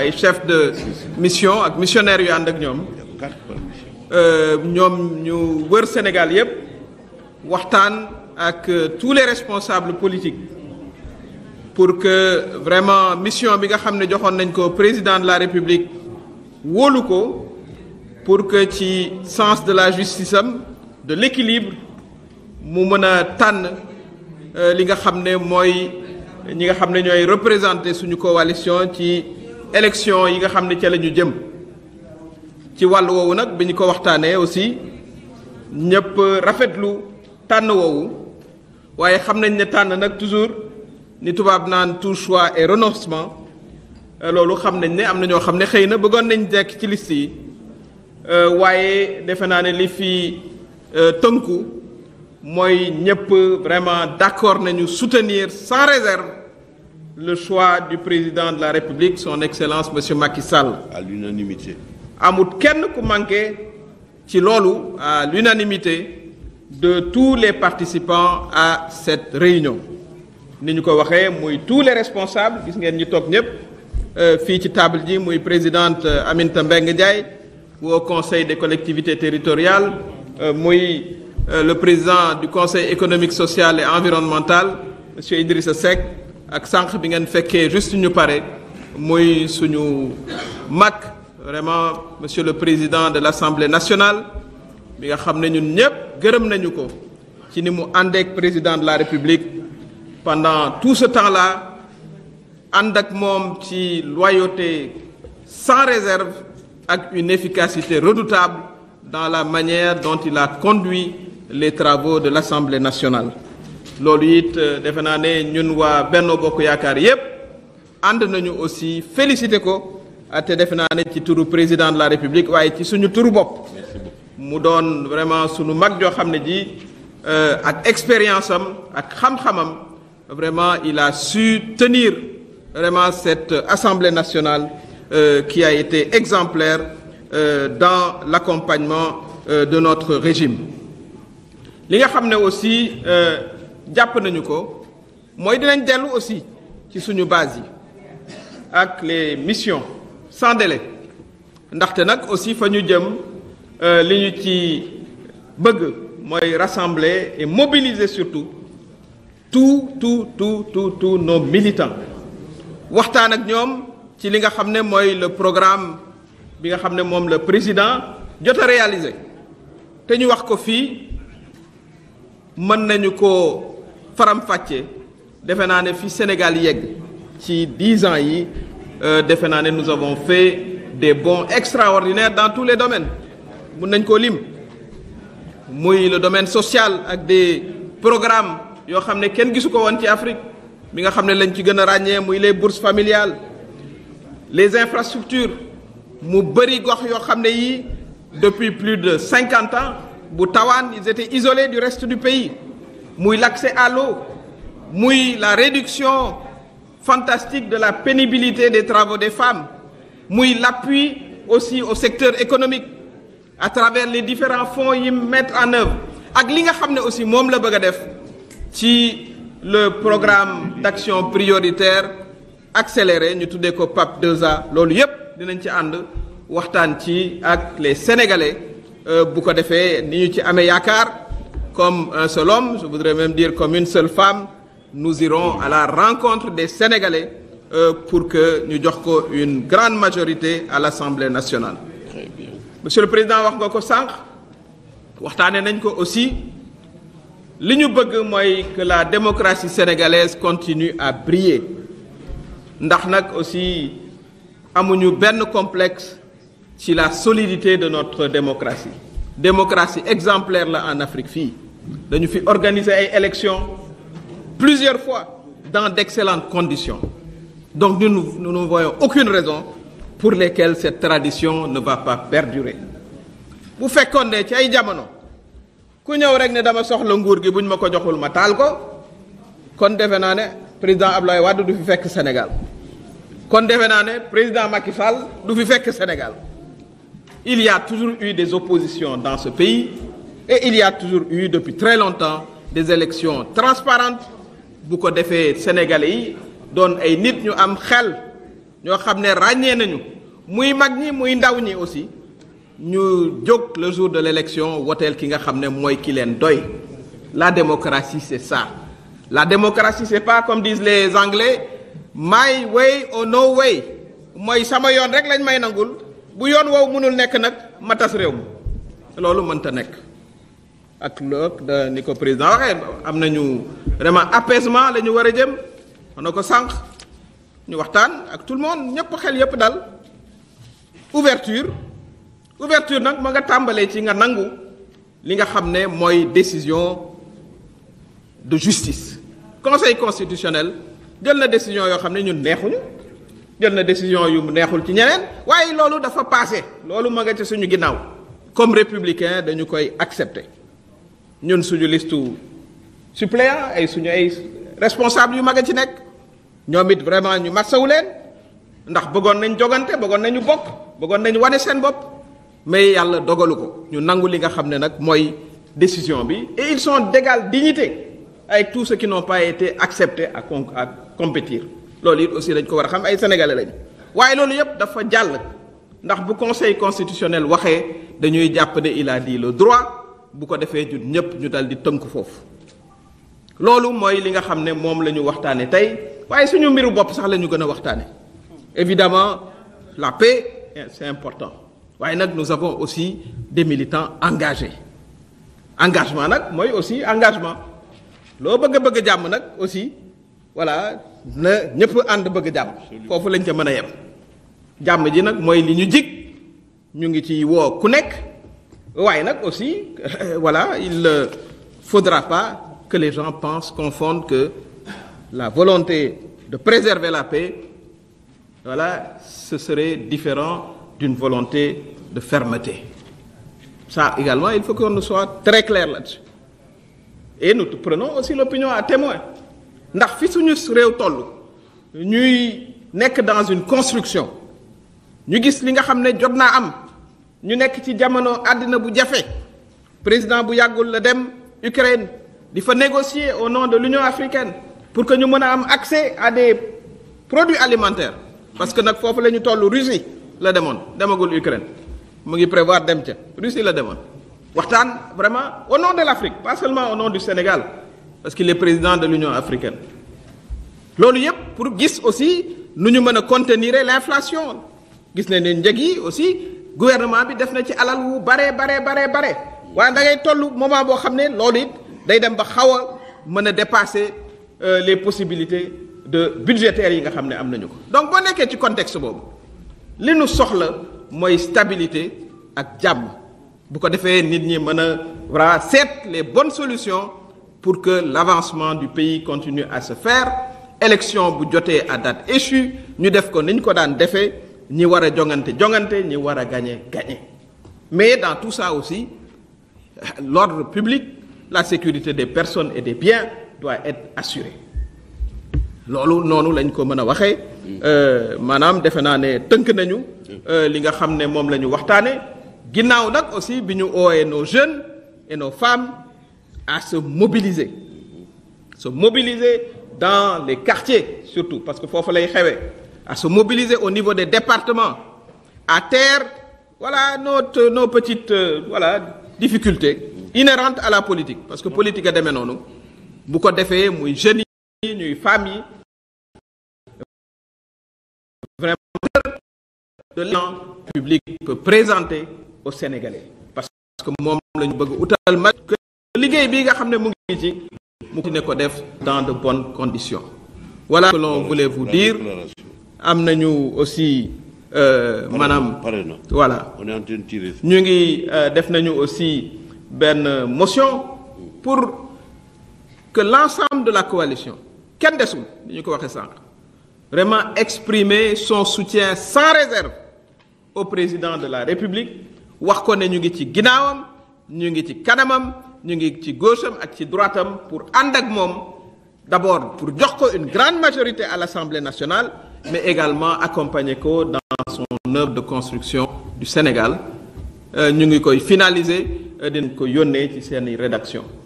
ay chef de mission ak missionnaire yu ànd ak ñoom euh, ñoom ñu wër Sénégal yépp waxtaan ak euh, tous les responsables politiques pour que vraiment mission bi nga xam ne joxoon nañ ko président de la République wóolu ko pour que ci sens de la justice am de l'équilibre mu mën a tànn euh, li nga xam ne mooy ñi nga xam ne ñooy représenter suñu coalition ci élection yi nga xam ne ca la ñu jëm ci wàll woowu nag bi ñu ko waxtaanee aussi ñëpp rafetlu tànn woowu waaye xam nañ ne tànn nag toujours ni tubaab naan tout choix et renoncement euh, loolu xam nañ ne am na ñoo xam ne xëy na bëggoon nañu nekk ci liste yi euh, waaye defe naa ne li fi euh, tënku mooy ñëpp vraiment d'accord nañu soutenir sans réserve le choix du président de la République son excellence monsieur Macky Sall. à l'unanimité amut kenn ku manqué ci loolu à l'unanimité de tous les participants à cette réunion ni ñu ko waxee mooy tous les responsables gis ngeen ñu toog ñëpp euh, fii ci table ji muy présidente euh, Aminata Mbengue Ndiaye bu au conseil des collectivités territoriales euh, muy le président du conseil économique social et environnemental monsieur Idrissa sec ak sànq bi ngeen fekkee juste ñu pare muy suñu mag vraiment monsieur le président de l'Assemblée nationale bi nga xam ne ñun ñëpp gërëm nañu ko ci ni mu àndeek président de la République pendant tout ce temps la ànd ak moom ci loyauté sans réserve ak une efficacité redoutable dans la manière dont il a conduit les travaux de l'Assemblée nationale loolu it euh, defe naa ne ñun waa Benno Bokk Yaakaar yépp ànd nañu aussi félicité ko euh, te defe naa ne ci turu président de la république waaye ci suñu turu bopp mu doon vraiment suñu mag joo xam ne ji euh, ak expérience am ak xam-xamam vraiment il a su tenir vraiment cette assemblée nationale euh, qui a été exemplaire euh, dans l'accompagnement de notre régime li nga xam ne aussi jàpp nañu ko mooy dinañ dellu aussi ci suñu base yi ak le mission sans délai ndaxte nag aussi fa ñu jëm euh, li ñu ci bëgg mooy rassembler et mobiliser surtout tout tout tout tout tout nos militants waxtaan ak ñoom ci li nga xam ne mooy le programme bi nga xam ne moom la président jot a réaliser te ñu wax ko fii mën nañu ko faram-fàccee defe naa ne fi Sénégal yegg ci dix ans yi euh, defe naa ne nous avons fait des bon extraordinaires dans tous les domaines mun nañ koo lim muy le domaine social ak des programmes yoo xam ne kenn gisu ko woon ci Afrique mi nga xam ne lañ ci gën a ràññee muy les bourses familiales les infrastructures mu bëri gox yoo xam ne yi depuis plus de cinquante ans bu tawaan ils étaient isolés du reste du pays muy l'accès à l'eau muy la réduction fantastique de la pénibilité des travaux des femmes muy l'appui aussi au secteur économique à travers les différents fonds yi mettre en œuvre ak li nga xam ne aussi moom la bëgg a def ci le programme d'action prioritaire accéléré ñu tuddee ko PAP 2A loolu yépp dinañ ci ànd waxtaan ci ak les sénégalais euh, bu ko defee ni ñu ci amee yaakaar comme un seul homme, je voudrais même dire comme une seule femme, nous irons à la rencontre des Sénégalais euh, pour que ñu jox ko une grande majorité à l'Assemblée nationale. Très Monsieur le Président wax nga ko sànq waxtaane nañ ko aussi li ñu bëgg mooy que la démocratie sénégalaise continue à briller ndax nag aussi amuñu benn complexe ci la solidité de notre démocratie démocratie exemplaire la en Afrique fii dañu fi organiser ay élections plusieurs fois dans d'excellentes conditions donc ñun nous, nous ne aucune raison pour lesquelles cette tradition ne va pas perdurer bu fekkoon ne ci ay jamono ku ñëw rek ne dama soxla nguur gi bu ñu ma ko joxul ma taal ko kon defe naa ne président Abdoulaye Wade du fi fekk Sénégal kon defe naa ne président Macky Sall du fi fekk Sénégal il ya toujours eu des oppositions dans ce pays et il y a toujours eu depuis très longtemps des élections transparentes bu ko defee sénégalais yi doon ay nit ñu am xel ñoo xam ne ràññee nañu muy mag ñi muy ndaw ñi aussi ñu jóg le jour de l'élection woteel ki nga xam ne mooy ki leen doy la démocratie c'est ça la démocratie c'est pas comme disent les anglais my way or no way mooy sama yoon rek lañ may nangul bu yoon woowu mënul nekk nag ma tas réew mi loolu mënta nekk ak loog da ni ko président waxee am nañu vraiment apaisement la ñu war a jëm wax na ko sànq ñu waxtaan ak tout le moom ñëpp xel yëpp dal ouverture ouverture nag ma nga tàmbalee ci nga nangu li nga xam ne mooy décision de justice conseil constitutionnel jël na décision yoo xam ne ñun neexuñu jël na décision yu neexul ci ñeneen waaye loolu dafa passé loolu ma nga ci suñu ginnaaw comme républicain dañu koy accepter ñun suñu listu suppléant ay suñu ay responsable yu mag a ci nekk ñoom it vraiment ñu masawu leen ndax bëggoon nañ jogante bëggoon nañu bokk bëggoon nañu wane seen bopp mais yàlla dogalu ko ñu nangu li nga xam ne nag mooy décision bi et ils sont d'égale dignité ay tous ceux qui n'ont pas été acceptés à con à compétir loolu it aussi dañ ko war a xam ay sénégalais lañu waaye loolu yëpp dafa jàll ndax bu conseil constitutionnel waxee dañuy jàpp ne il a dit droit bu ko defee ñun ñépp ñu dal di tënk foofu loolu mooy li nga xam ne moom la ñu waxtaane tey waaye suñu mbiru bopp sax la ñu gën a waxtaane évidemment la paix c'est important waaye nag nous avons aussi des militants engagés engagement nag mooy aussi engagement loo bëgg bëgg jàmm nag aussi voilà na ñëpp ànd bëgg jàmm foofu lañ ca mën a yem jàmm ji nag mooy li ñu jig ñu ngi ci woo ku nekk waaye nag aussi euh, voilà il ne euh, faudra pas que les gens pensent confondent que la volonté de préserver la paix voilà ce serait différent d'une volonté de fermeté ça également il faut qu'on soit très clair là-dessus et nous prenons aussi l'opinion à témoin ndax fi suñu réew toll ñuy nekk dans une construction ñu gis li nga xam ne jot naa am ñu nekk ci jamono àddina bu jafe président bu yàggul la dem Ukraine di fa négocier au nom de l'Union africaine pour que ñu mën a am accès à des produits parce que nag foofu la ñu toll Russie la demoon demagul Ukraine mu ngi prévoir dem ca Russie la demoon waxtaan vraiment au nom de l'Afrique pas seulement au nom du Sénégal parce que le président de l'Union africaine loolu yëpp pour gis aussi nu ñu mën a contenir l'inflation gis nañ ne njëg yi aussi gouvernement bi def na ci alal wu baree baree baree bare waaye da ngay toll moment boo xam ne loolu it day dem ba xaw a mën a dépasser euh, les possibilités de budgétaires yi nga xam ne am nañu ko donc boo nekkee ci contexte boobu li nu soxla mooy stabilité ak jàmm bu ko defee nit ñi mën a voilà seet les bonnes solutions pour que l'avancement du pays continue à se faire élection bu jotee à date échue ñu def ko ni ñu ko daan defee ñi war a jongante jongante ñi war a gagner gagner mais dans tout ça aussi l'ordre public la sécurité des personnes et des biens doit être assurée loolu noonu lañ ko mën a waxee euh, maanaam defe naa ne tënk nañu euh, li nga xam ne moom la ñu waxtaane ginnaaw nag aussi bi ñu ooyee noo jeunes et nos femmes à se mobiliser se mobiliser dans les quartier surtout parce que foofu lay xewee parce que mobiliser au niveau des départements, à terre, voilà notre, nos petites euh, voilà, difficultés inhérentes à la politique. Parce que politique a demee noonu bu ko defee muy jeunes yi ñuy femmes yi vraiment de l'élan public peut présenter aux Sénégalais parce que moom la bëgg utal ma liggéey bi nga xam ne mu ngi ci mu ne ko def dans de bonnes conditions. wala ce que l'on vous dire. am nañu aussi. Euh, maanaam voilà ñu ngi euh, def nañu aussi benn motion pour que l'ensemble de la coalition kenn desul li ñu ko waxee sànq vraiment exprimer son soutien sans réserve au président de la République wax ko ne ñu ngi ci ginnaawam ñu ngi ci kanamam ñu ngi ci gaucham ak ci droitam pour ànd ak moom d'abord pour jox ko une grande majorité à l'Assemblée nationale mais également accompagner ko dans son œuvre de construction du Sénégal euh, ñu ngi koy finaliser euh, dinañ ko yónnee ci seeni rédaction